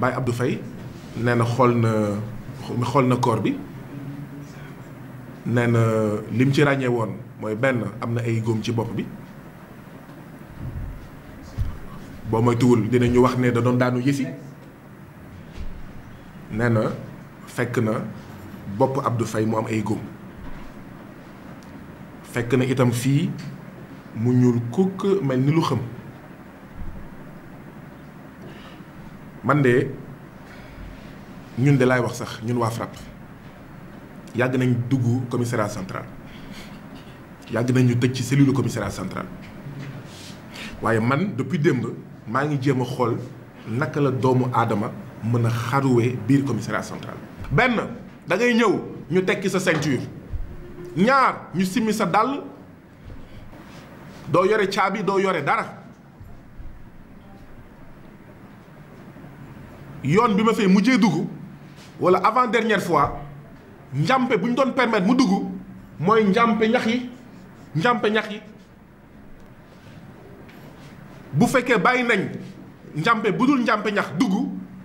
baay Abdou Faye nee na xool na xool na koor bi nee na lim ci ràññee woon mooy benn am na ay góom ci bopp bi boo dina ñu wax ne da doon daanu yësi nee na fekk na bopp abdu Faye mu am ay góom fekk na itam fii mu ñuul kukk mel ni lu xam man de ñun de lay wax sax ñun wa FRAPP yag nañ dugg commissariat central yag nañ ñu tëj ci cellule commissariat central waye man depuis démb ma ngi jema xol naka la doomu adama mëna xaruwé biir commissariat central. Ben, da ngay ñew ñu tekki sa ceinture ñaar ñu simi sa dàll doo yore caabi do yoré dara. yoon bi ma qui mujjee dugg wala avant dernière fois njàmpe bu ñu doon permettre mu dugg mooy njàmpe ñax yi njàmpe ñax bu fekkee bàyyi nañ njàmpe bu dul njàmpe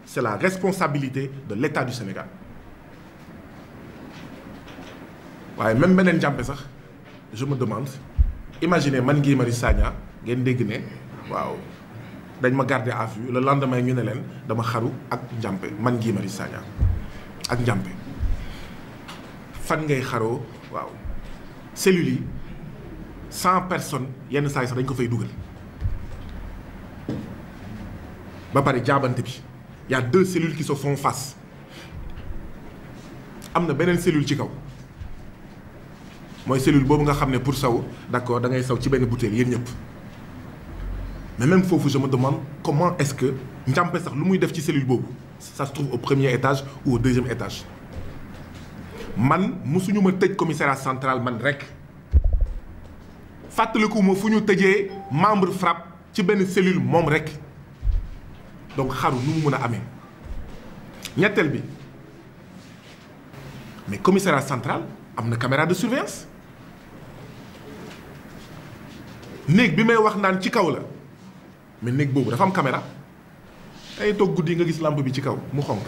c'est la responsabilité de l'État du Sénégal waaye même beneen njàmpe sax je me demande imaginez man Guy Marius Sagna ngeen dégg ne dañ ma garder à la le lendemain ñu ne leen dama xaru ak njàmpe man Guy Marius Sagna ak njàmpe fan ngay xaroo waaw cellules yi cent personnes yenn saa sax dañ ko fay dugal ba pare jaabante bi y a deux cellules qui se face am na beneen cellule ci kaw mooy cellule boobu nga xam ne pour saw d'accord da ngay saw ci benn bouteille yéen ñëpp mais même foofu je me demande comment est-ce que njàmpe sax lu muy def ci cellule bobu ça se trouve au premier étage ou au deuxième étage man mosuñu ma tëj commissariat central man rek Fatale ko mo fuñu tëjee membre FRAPP ci ben cellule mom rek donc xaru nu mu mën a amee bi mais commissariat central a une caméra de surveillance néeg bi may wax nan ci kaw la mais néeg bobu dafa am caméra ay toog goudi nga gis lampe bi ci kaw mu xonk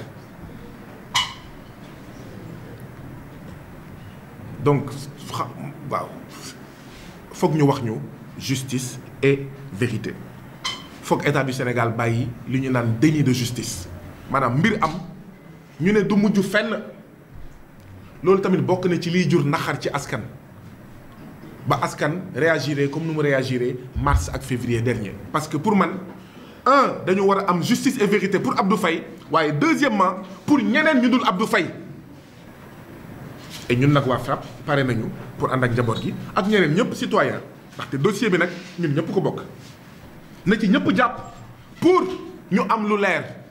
donc waaw foog ñu wax ñu justice et vérité foog état du Sénégal bàyyi li ñu naan déni de justice maanaam mbir am ñu ne du mujj fenn loolu tamit bokk na ci liy jur naxar ci askan ba askan réagirait comme nous réagirait mars et février dernier parce que pour moi, un dañu war justice et vérité pour Abdou Faye Et deuxièmement pour ñeneen ñu dul Abdou Faye et nous avons waa frappe pare pour ànd ak nous gi ak ñeneen ñëpp citoyen dossier bi nag ñun ñëpp ko bokk na pour ñu am lu